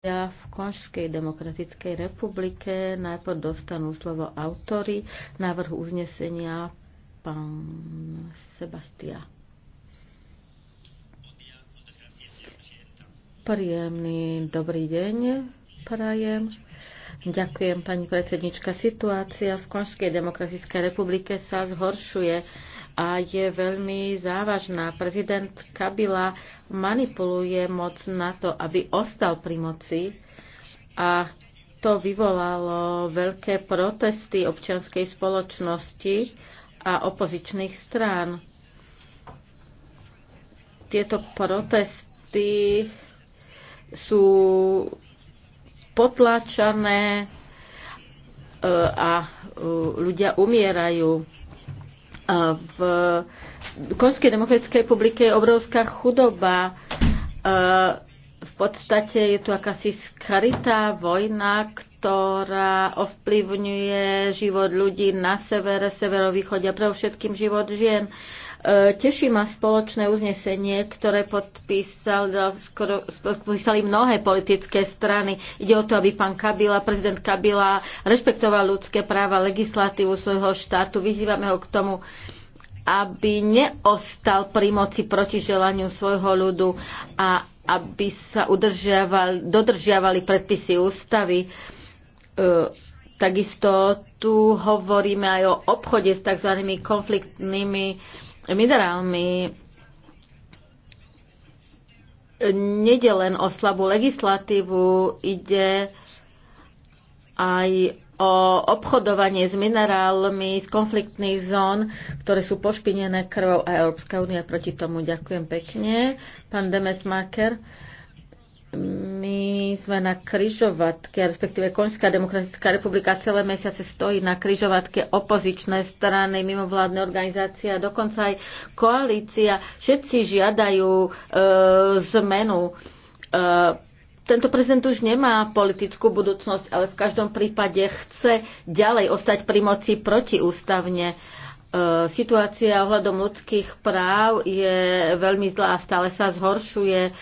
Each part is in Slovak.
Ja v Konžskej demokratickej republike najprv dostanú slovo autory návrhu uznesenia pán Sebastia. Príjemný dobrý deň prajem. Ďakujem, pani predsednička. Situácia v Konžskej demokratickej republike sa zhoršuje a je veľmi závažná. Prezident Kabila manipuluje moc na to, aby ostal pri moci a to vyvolalo veľké protesty občianskej spoločnosti a opozičných strán. Tieto protesty sú potláčané e, a e, ľudia umierajú. V Konskej demokratickej republike je obrovská chudoba. V podstate je tu akási skaritá vojna, ktorá ovplyvňuje život ľudí na severe, severovýchode a pre všetkým život žien. Uh, E, teší ma spoločné uznesenie, ktoré podpísali, skoro, mnohé politické strany. Ide o to, aby pán Kabila, prezident Kabila rešpektoval ľudské práva, legislatívu svojho štátu. Vyzývame ho k tomu, aby neostal pri moci proti želaniu svojho ľudu a aby sa udržiavali, dodržiavali predpisy ústavy. E, takisto tu hovoríme aj o obchode s tzv. konfliktnými minerálmi nede len o slabú legislatívu, ide aj o obchodovanie s minerálmi z konfliktných zón, ktoré sú pošpinené krvou a Európska únia proti tomu. Ďakujem pekne. Pán Demesmaker. My sme na kryžovatke, respektíve Koňská demokratická republika celé mesiace stojí na kryžovatke opozičné strany, mimovládne organizácie a dokonca aj koalícia. Všetci žiadajú e, zmenu. E, tento prezident už nemá politickú budúcnosť, ale v každom prípade chce ďalej ostať pri moci protiústavne. E, E, situácia ohľadom ľudských práv je veľmi zlá, stále sa zhoršuje. E,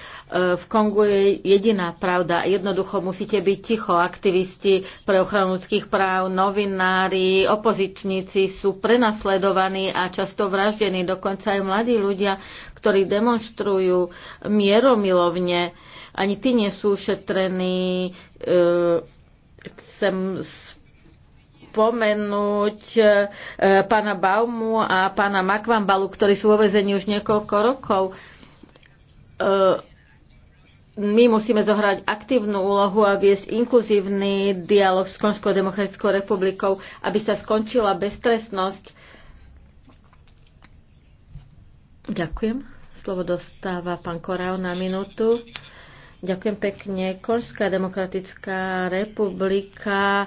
v Kongu je jediná pravda. Jednoducho musíte byť ticho. Aktivisti pre ochranu ľudských práv, novinári, opozičníci sú prenasledovaní a často vraždení. Dokonca aj mladí ľudia, ktorí demonstrujú mieromilovne, ani tí nie sú šetrení. E, chcem spomenúť e, pána Baumu a pána Makvambalu, ktorí sú vo vezení už niekoľko rokov e, my musíme zohrať aktívnu úlohu a viesť inkluzívny dialog s Konžskou demokratickou republikou, aby sa skončila beztrestnosť. Ďakujem. Slovo dostáva pán Korau na minútu. Ďakujem pekne. Konžská demokratická republika e,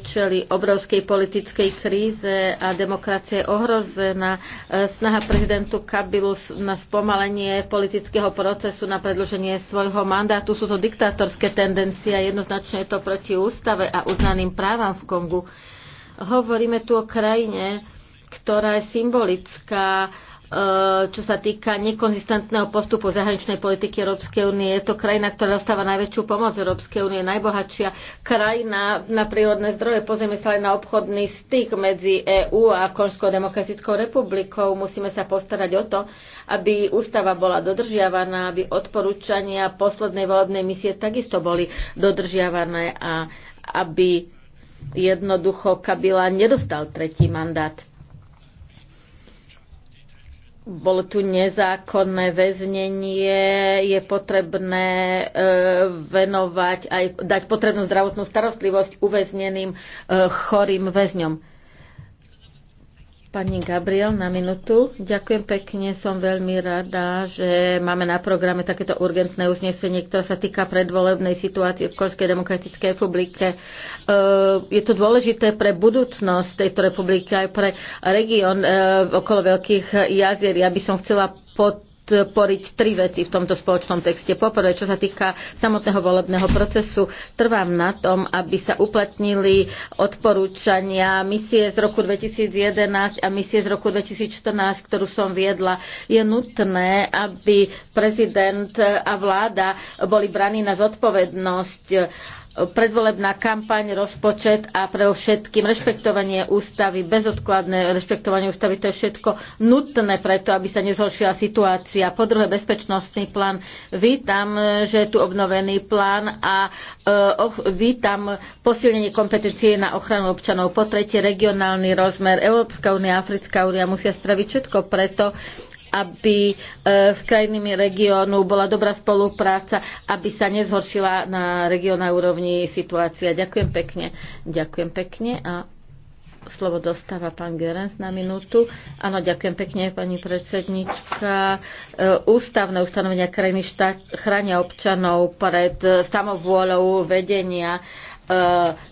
čeli obrovskej politickej kríze a demokracia je ohrozená. E, snaha prezidentu Kabilu na spomalenie politického procesu, na predloženie svojho mandátu, sú to diktátorské tendencie a jednoznačne je to proti ústave a uznaným právam v Kongu. Hovoríme tu o krajine, ktorá je symbolická E, čo sa týka nekonzistentného postupu zahraničnej politiky Európskej únie. Je to krajina, ktorá dostáva najväčšiu pomoc Európskej únie, najbohatšia krajina na prírodné zdroje. Pozrieme sa aj na obchodný styk medzi EÚ a Konžskou demokratickou republikou. Musíme sa postarať o to, aby ústava bola dodržiavaná, aby odporúčania poslednej volebnej misie takisto boli dodržiavané a aby jednoducho Kabila nedostal tretí mandát bolo tu nezákonné väznenie, je potrebné e, venovať aj dať potrebnú zdravotnú starostlivosť uväzneným e, chorým väzňom. Pani Gabriel, na minutu. Ďakujem pekne, som veľmi rada, že máme na programe takéto urgentné uznesenie, ktoré sa týka predvolebnej situácie v Korskej demokratickej republike. E, je to dôležité pre budúcnosť tejto republiky aj pre región e, okolo veľkých jazier. Ja by som chcela pod podporiť tri veci v tomto spoločnom texte. Poprvé, čo sa týka samotného volebného procesu, trvám na tom, aby sa uplatnili odporúčania misie z roku 2011 a misie z roku 2014, ktorú som viedla. Je nutné, aby prezident a vláda boli braní na zodpovednosť predvolebná kampaň, rozpočet a pre všetkým rešpektovanie ústavy, bezodkladné rešpektovanie ústavy, to je všetko nutné preto, aby sa nezhoršila situácia. Po druhé, bezpečnostný plán. Vítam, že je tu obnovený plán a e, vítam posilnenie kompetencie na ochranu občanov. Po tretie, regionálny rozmer. Európska únia, Africká únia musia spraviť všetko preto, aby s e, krajinami regiónu bola dobrá spolupráca, aby sa nezhoršila na regióna úrovni situácia. Ďakujem pekne. Ďakujem pekne a slovo dostáva pán Gerens na minútu. Áno, ďakujem pekne, pani predsednička. E, ústavné ustanovenia krajiny štát chránia občanov pred e, samovôľou vedenia.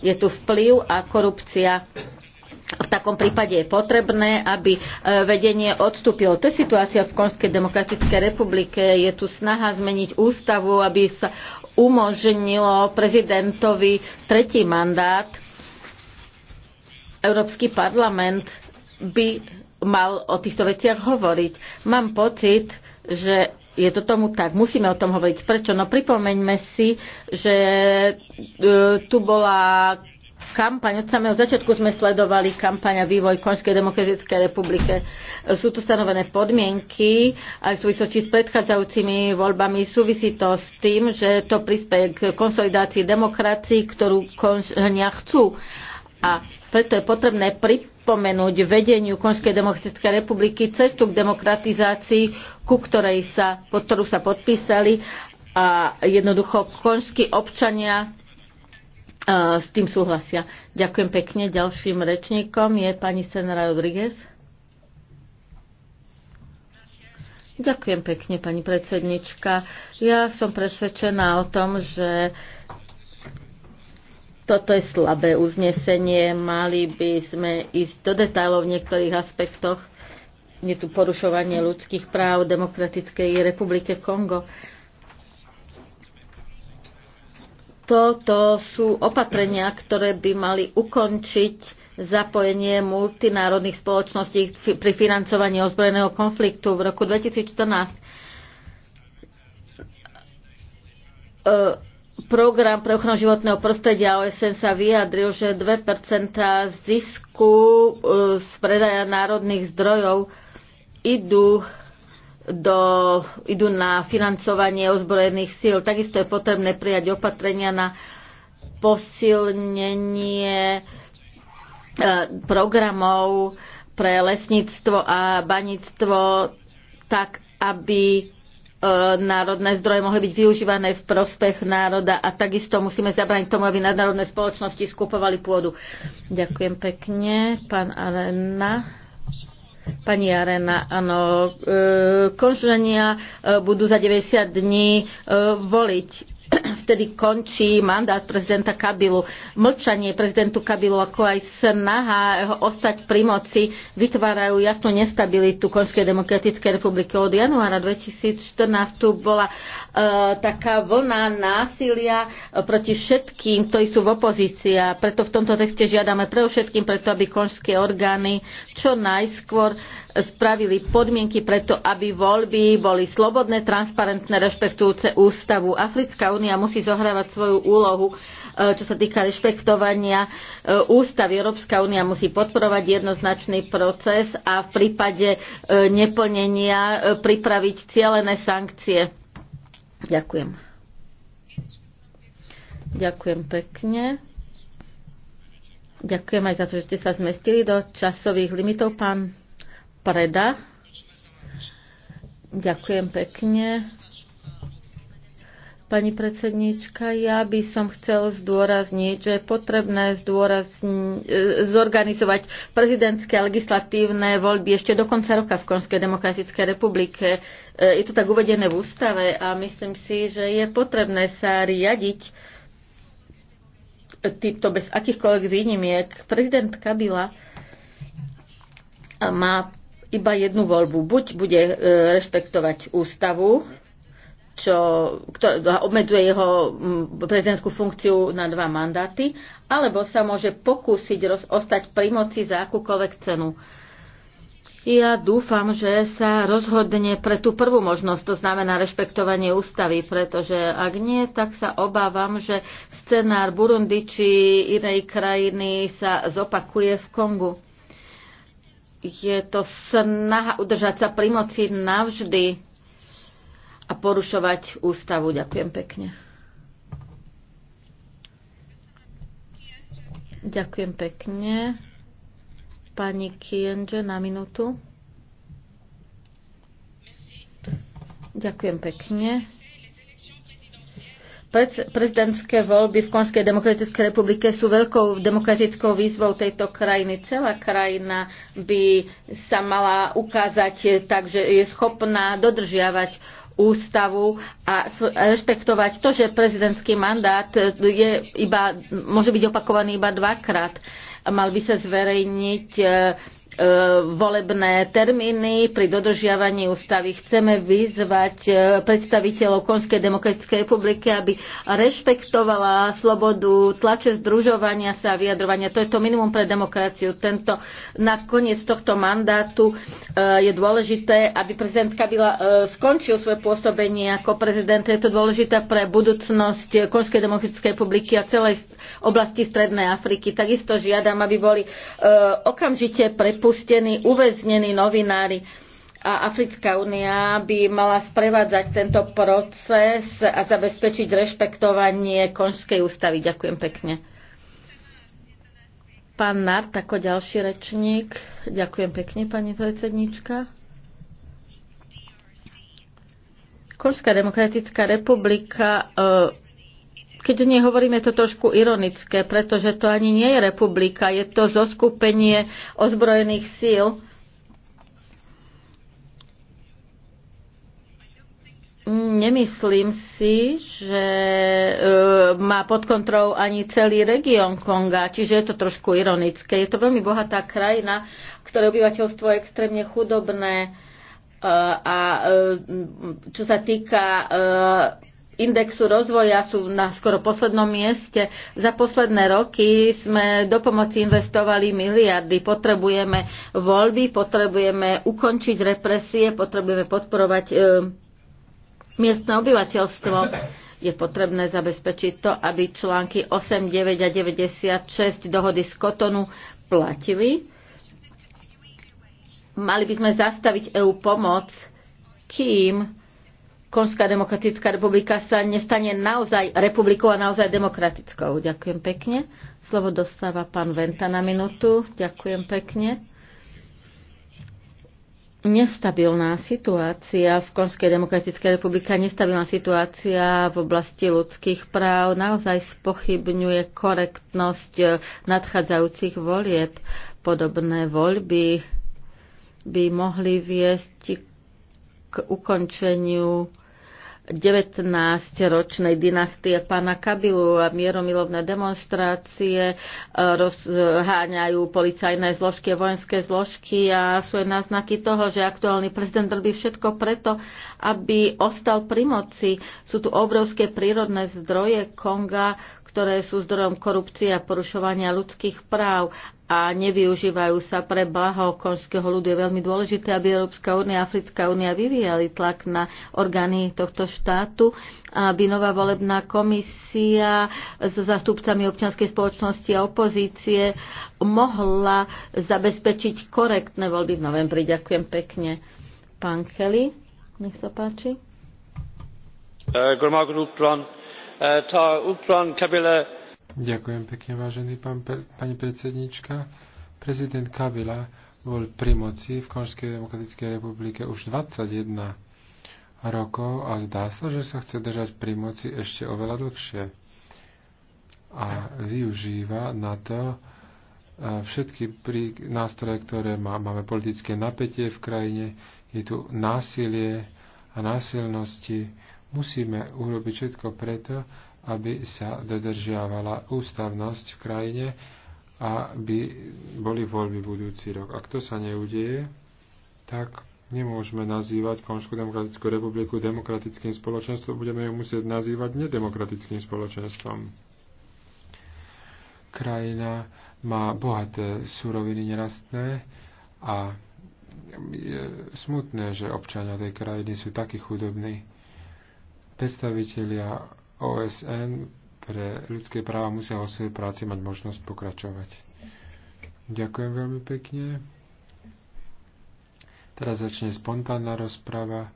Je tu vplyv a korupcia v takom prípade je potrebné, aby e, vedenie odstúpilo. To je situácia v Konskej demokratickej republike. Je tu snaha zmeniť ústavu, aby sa umožnilo prezidentovi tretí mandát. Európsky parlament by mal o týchto veciach hovoriť. Mám pocit, že je to tomu tak. Musíme o tom hovoriť. Prečo? No pripomeňme si, že e, tu bola kampaň, od samého začiatku sme sledovali kampaň a vývoj Konžskej demokratickej republike. Sú tu stanovené podmienky, aj v súvislosti s predchádzajúcimi voľbami súvisí to s tým, že to prispieje k konsolidácii demokracii, ktorú Konžania chcú. A preto je potrebné pripomenúť vedeniu Konžskej demokratickej republiky cestu k demokratizácii, ku ktorej sa, pod ktorú sa podpísali a jednoducho konžskí občania s tým súhlasia. Ďakujem pekne. Ďalším rečníkom je pani Senra Rodriguez. Ďakujem pekne, pani predsednička. Ja som presvedčená o tom, že toto je slabé uznesenie. Mali by sme ísť do detajlov v niektorých aspektoch. Je tu porušovanie ľudských práv Demokratickej republike Kongo. Toto sú opatrenia, ktoré by mali ukončiť zapojenie multinárodných spoločností pri financovaní ozbrojeného konfliktu v roku 2014. E, program pre ochranu životného prostredia OSN sa vyjadril, že 2 zisku e, z predaja národných zdrojov idú do, idú na financovanie ozbrojených síl. Takisto je potrebné prijať opatrenia na posilnenie e, programov pre lesníctvo a baníctvo tak, aby e, národné zdroje mohli byť využívané v prospech národa a takisto musíme zabrániť tomu, aby nadnárodné spoločnosti skupovali pôdu. Ďakujem pekne, pán Arena. Pani Arena, áno, e, konžania e, budú za 90 dní e, voliť vtedy končí mandát prezidenta Kabilu. Mlčanie prezidentu Kabilu, ako aj snaha ho ostať pri moci, vytvárajú jasnú nestabilitu Konskej demokratickej republiky. Od januára 2014 tu bola uh, taká vlna násilia e, proti všetkým, ktorí sú v opozícii. A preto v tomto texte žiadame pre všetkým, preto aby konžské orgány čo najskôr spravili podmienky preto, aby voľby boli slobodné, transparentné, rešpektujúce ústavu. Africká únia musí zohrávať svoju úlohu, e, čo sa týka rešpektovania e, ústavy. Európska únia musí podporovať jednoznačný proces a v prípade e, neplnenia pripraviť cielené sankcie. Ďakujem. Ďakujem pekne. Ďakujem aj za to, že ste sa zmestili do časových limitov, pán Preda. Ďakujem pekne. Pani predsednička, ja by som chcel zdôrazniť, že je potrebné e, zorganizovať prezidentské a legislatívne voľby ešte do konca roka v Konskej demokratickej republike. E, je to tak uvedené v ústave a myslím si, že je potrebné sa riadiť týmto bez akýchkoľvek výnimiek. Prezident Kabila má iba jednu voľbu. Buď bude e, rešpektovať ústavu, čo ktorá obmedzuje jeho prezidentskú funkciu na dva mandáty, alebo sa môže pokúsiť roz, ostať pri moci za akúkoľvek cenu. Ja dúfam, že sa rozhodne pre tú prvú možnosť, to znamená rešpektovanie ústavy, pretože ak nie, tak sa obávam, že scenár Burundi či inej krajiny sa zopakuje v Kongu je to snaha udržať sa pri moci navždy a porušovať ústavu. Ďakujem pekne. Ďakujem pekne. Pani Kienže na minútu. Ďakujem pekne prezidentské voľby v Konskej demokratickej republike sú veľkou demokratickou výzvou tejto krajiny. Celá krajina by sa mala ukázať tak, že je schopná dodržiavať ústavu a rešpektovať to, že prezidentský mandát je iba, môže byť opakovaný iba dvakrát. Mal by sa zverejniť e, volebné termíny pri dodržiavaní ústavy. Chceme vyzvať e, predstaviteľov Konskej demokratickej republiky, aby rešpektovala slobodu tlače združovania sa a vyjadrovania. To je to minimum pre demokraciu. Tento, na koniec tohto mandátu e, je dôležité, aby prezident Kabila e, skončil svoje pôsobenie ako prezident. Je to dôležité pre budúcnosť Konskej demokratickej republiky a celej oblasti Strednej Afriky. Takisto žiadam, aby boli okamžite prepustení prepustení, uväznení novinári. A Africká únia by mala sprevádzať tento proces a zabezpečiť rešpektovanie Konžskej ústavy. Ďakujem pekne. Pán Nart, ako ďalší rečník. Ďakujem pekne, pani predsednička. Konžská demokratická republika e, keď o nej hovoríme, je to trošku ironické, pretože to ani nie je republika, je to zoskupenie ozbrojených síl. Nemyslím si, že e, má pod kontrolou ani celý región Konga, čiže je to trošku ironické. Je to veľmi bohatá krajina, ktoré obyvateľstvo je extrémne chudobné e, a e, čo sa týka indexu rozvoja sú na skoro poslednom mieste. Za posledné roky sme do pomoci investovali miliardy. Potrebujeme voľby, potrebujeme ukončiť represie, potrebujeme podporovať e, miestne obyvateľstvo. Je potrebné zabezpečiť to, aby články 8, 9 a 96 dohody z Kotonu platili. Mali by sme zastaviť EU pomoc, kým Konská demokratická republika sa nestane naozaj republikou a naozaj demokratickou. Ďakujem pekne. Slovo dostáva pán Venta na minútu. Ďakujem pekne. Nestabilná situácia v Konskej demokratickej republike, nestabilná situácia v oblasti ľudských práv naozaj spochybňuje korektnosť nadchádzajúcich volieb. Podobné voľby by mohli viesť k ukončeniu 19-ročnej dynastie pána Kabilu a mieromilovné demonstrácie e, rozháňajú policajné zložky, vojenské zložky a sú aj náznaky toho, že aktuálny prezident robí všetko preto, aby ostal pri moci. Sú tu obrovské prírodné zdroje Konga, ktoré sú zdrojom korupcie a porušovania ľudských práv a nevyužívajú sa pre blaho konžského ľudu. Je veľmi dôležité, aby Európska únia a Africká únia vyvíjali tlak na orgány tohto štátu, aby nová volebná komisia s zastupcami občianskej spoločnosti a opozície mohla zabezpečiť korektné voľby v novembri. Ďakujem pekne. Pán Kelly, nech sa páči. Uh, Ďakujem pekne, vážený pán, pani predsednička. Prezident Kabila bol pri moci v Konžskej demokratickej republike už 21 rokov a zdá sa, že sa chce držať pri moci ešte oveľa dlhšie. A využíva na to e, všetky prí, nástroje, ktoré má. Máme politické napätie v krajine, je tu násilie a násilnosti. Musíme urobiť všetko preto, aby sa dodržiavala ústavnosť v krajine a by boli voľby budúci rok. Ak to sa neudeje, tak nemôžeme nazývať Konšku demokratickú republiku demokratickým spoločenstvom, budeme ju musieť nazývať nedemokratickým spoločenstvom. Krajina má bohaté suroviny nerastné a je smutné, že občania tej krajiny sú takí chudobní. Predstavitelia OSN pre ľudské práva musia o svojej práci mať možnosť pokračovať. Ďakujem veľmi pekne. Teraz začne spontánna rozprava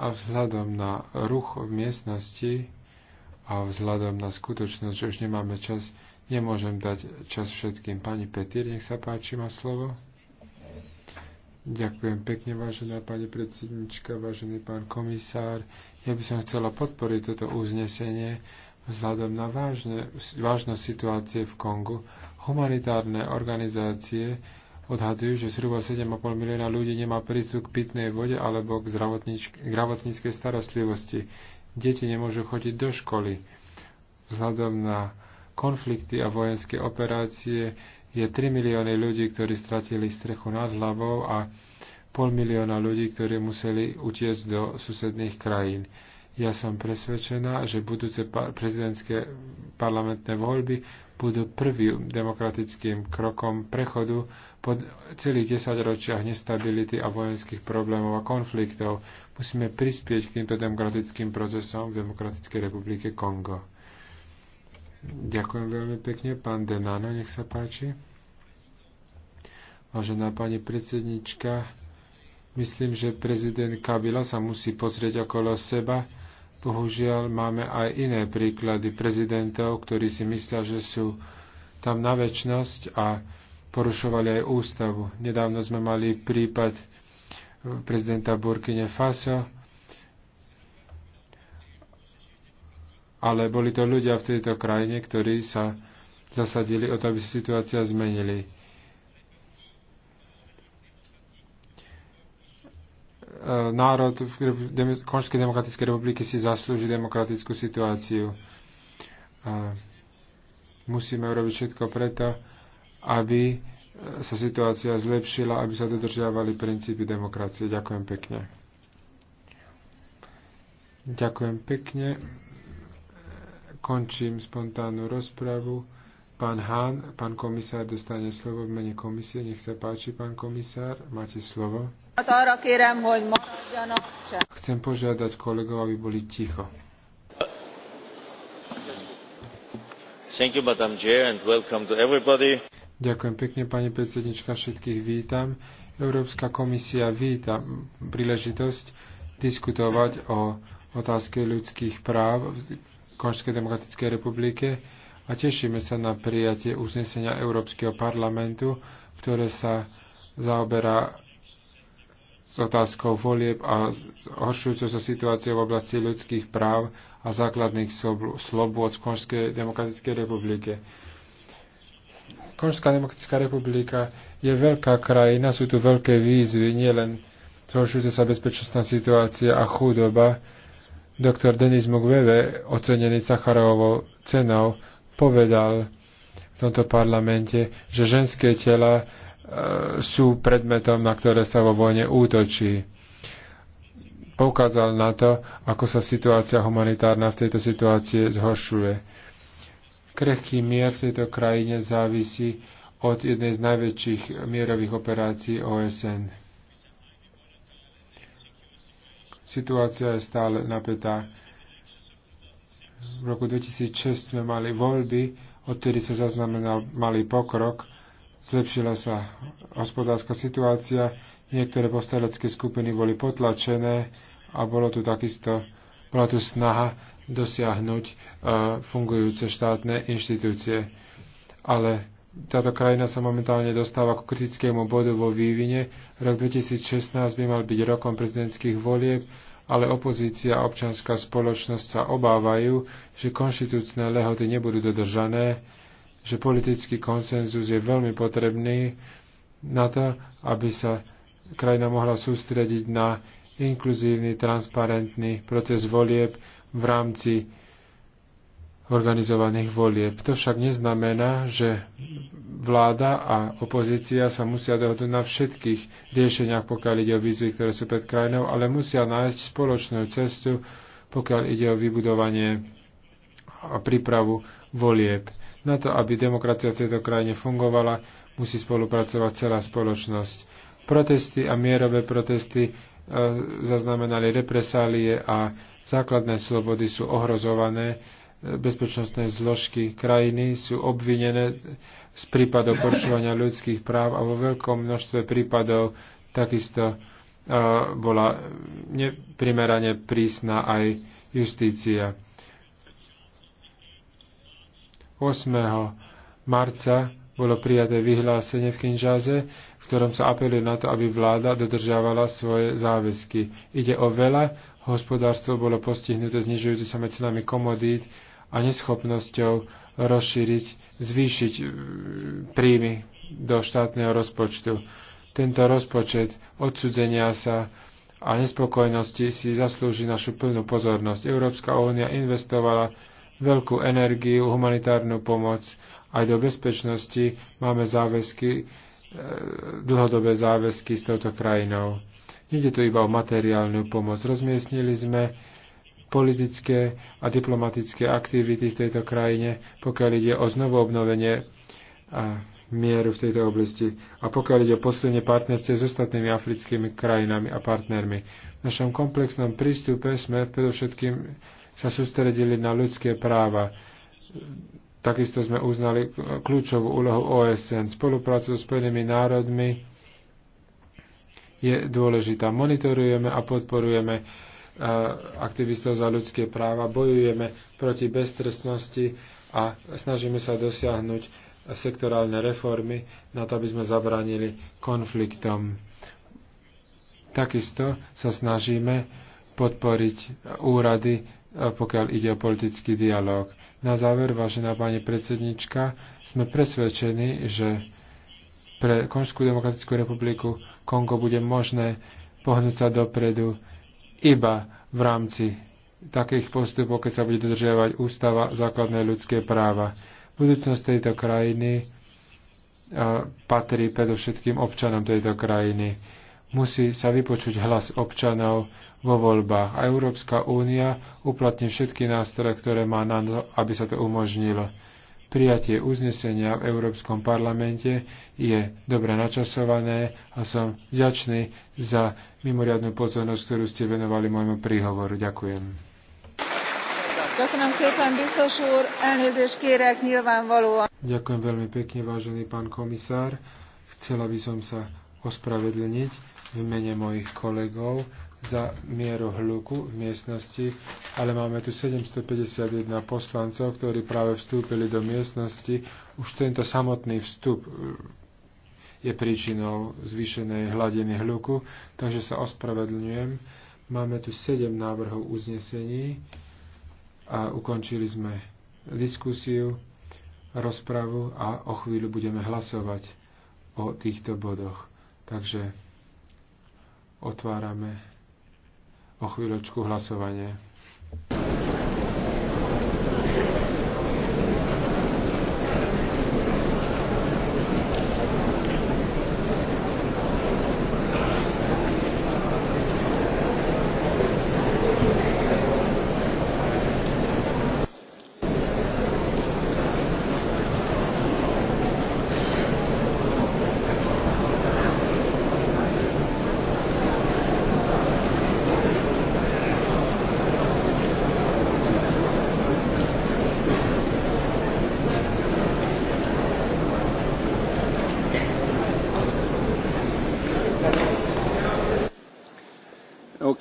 a vzhľadom na ruch v miestnosti a vzhľadom na skutočnosť, že už nemáme čas, nemôžem dať čas všetkým. Pani Petír, nech sa páči, má slovo. Ďakujem pekne, vážená pani predsednička, vážený pán komisár. Ja by som chcela podporiť toto uznesenie vzhľadom na vážne, vážnosť situácie v Kongu. Humanitárne organizácie odhadujú, že zhruba 7,5 milióna ľudí nemá prístup k pitnej vode alebo k zdravotníckej starostlivosti. Deti nemôžu chodiť do školy. Vzhľadom na konflikty a vojenské operácie je 3 milióny ľudí, ktorí stratili strechu nad hlavou a pol milióna ľudí, ktorí museli utiecť do susedných krajín. Ja som presvedčená, že budúce prezidentské parlamentné voľby budú prvým demokratickým krokom prechodu po celých desaťročiach nestability a vojenských problémov a konfliktov. Musíme prispieť k týmto demokratickým procesom v Demokratickej republike Kongo. Ďakujem veľmi pekne. Pán Denano, nech sa páči. Vážená pani predsednička, myslím, že prezident Kabila sa musí pozrieť okolo seba. Bohužiaľ, máme aj iné príklady prezidentov, ktorí si myslia, že sú tam na väčnosť a porušovali aj ústavu. Nedávno sme mali prípad prezidenta Burkine Faso, ale boli to ľudia v tejto krajine, ktorí sa zasadili o to, aby sa situácia zmenili. E, národ v Konžskej demokratickej republiky si zaslúži demokratickú situáciu. Musíme urobiť všetko preto, aby e, sa situácia zlepšila, aby sa dodržiavali princípy demokracie. Ďakujem pekne. Ďakujem pekne. Končím spontánnu rozpravu. Pán Hán, pán komisár dostane slovo v mene komisie. Nech sa páči, pán komisár, máte slovo. Chcem požiadať kolegov, aby boli ticho. You, Ďakujem pekne, pani predsednička, všetkých vítam. Európska komisia víta príležitosť diskutovať o otázke ľudských práv v Konžskej demokratickej republike a tešíme sa na prijatie uznesenia Európskeho parlamentu, ktoré sa zaoberá s otázkou volieb a horšujúcou sa situáciou v oblasti ľudských práv a základných slobôd v Konžskej demokratickej republike. Konžská demokratická republika je veľká krajina, sú tu veľké výzvy, nielen zhoršujúca sa bezpečnostná situácia a chudoba, Doktor Denis Mukwege, ocenený Sacharovou cenou, povedal v tomto parlamente, že ženské tela e, sú predmetom, na ktoré sa vo vojne útočí. Poukázal na to, ako sa situácia humanitárna v tejto situácii zhoršuje. Krehký mier v tejto krajine závisí od jednej z najväčších mierových operácií OSN. Situácia je stále napätá. V roku 2006 sme mali voľby, odtedy sa zaznamenal malý pokrok, zlepšila sa hospodárska situácia, niektoré postelecké skupiny boli potlačené a bolo tu takisto bola tu snaha dosiahnuť uh, fungujúce štátne inštitúcie. Ale táto krajina sa momentálne dostáva k kritickému bodu vo vývine. Rok 2016 by mal byť rokom prezidentských volieb, ale opozícia a občianská spoločnosť sa obávajú, že konštitúcne lehoty nebudú dodržané, že politický konsenzus je veľmi potrebný na to, aby sa krajina mohla sústrediť na inkluzívny, transparentný proces volieb v rámci organizovaných volieb. To však neznamená, že vláda a opozícia sa musia dohodnúť na všetkých riešeniach, pokiaľ ide o výzvy, ktoré sú pred krajinou, ale musia nájsť spoločnú cestu, pokiaľ ide o vybudovanie a prípravu volieb. Na to, aby demokracia v tejto krajine fungovala, musí spolupracovať celá spoločnosť. Protesty a mierové protesty e, zaznamenali represálie a základné slobody sú ohrozované bezpečnostné zložky krajiny sú obvinené z prípadov porušovania ľudských práv a vo veľkom množstve prípadov takisto bola neprimerane prísna aj justícia. 8. marca bolo prijaté vyhlásenie v Kinžáze, v ktorom sa apeluje na to, aby vláda dodržiavala svoje záväzky. Ide o veľa, hospodárstvo bolo postihnuté znižujúci sa medzinami komodít, a neschopnosťou rozšíriť, zvýšiť e, príjmy do štátneho rozpočtu. Tento rozpočet odsudzenia sa a nespokojnosti si zaslúži našu plnú pozornosť. Európska únia investovala veľkú energiu, humanitárnu pomoc aj do bezpečnosti. Máme záväzky, e, dlhodobé záväzky s touto krajinou. Nede tu iba o materiálnu pomoc. Rozmiestnili sme politické a diplomatické aktivity v tejto krajine, pokiaľ ide o znovu obnovenie a mieru v tejto oblasti a pokiaľ ide o posilnenie partnerstiev s ostatnými africkými krajinami a partnermi. V našom komplexnom prístupe sme predovšetkým sa sústredili na ľudské práva. Takisto sme uznali kľúčovú úlohu OSN. Spolupráca so Spojenými národmi je dôležitá. Monitorujeme a podporujeme aktivistov za ľudské práva, bojujeme proti beztrestnosti a snažíme sa dosiahnuť sektorálne reformy na to, aby sme zabránili konfliktom. Takisto sa snažíme podporiť úrady, pokiaľ ide o politický dialog. Na záver, vážená pani predsednička, sme presvedčení, že pre Konžskú demokratickú republiku Kongo bude možné pohnúť sa dopredu iba v rámci takých postupov, keď sa bude dodržiavať ústava základné ľudské práva. Budúcnosť tejto krajiny patrí predovšetkým občanom tejto krajiny. Musí sa vypočuť hlas občanov vo voľbách. A Európska únia uplatní všetky nástroje, ktoré má na to, aby sa to umožnilo prijatie uznesenia v Európskom parlamente je dobre načasované a som vďačný za mimoriadnú pozornosť, ktorú ste venovali môjmu príhovoru. Ďakujem. Ďakujem veľmi pekne, vážený pán komisár. Chcela by som sa ospravedlniť v mene mojich kolegov za mieru hluku v miestnosti, ale máme tu 751 poslancov, ktorí práve vstúpili do miestnosti. Už tento samotný vstup e, je príčinou zvýšenej hladiny hluku, takže sa ospravedlňujem. Máme tu 7 návrhov uznesení a ukončili sme diskusiu, rozpravu a o chvíľu budeme hlasovať o týchto bodoch. Takže otvárame o chvíľočku hlasovanie.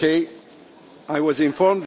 okay. i was informed that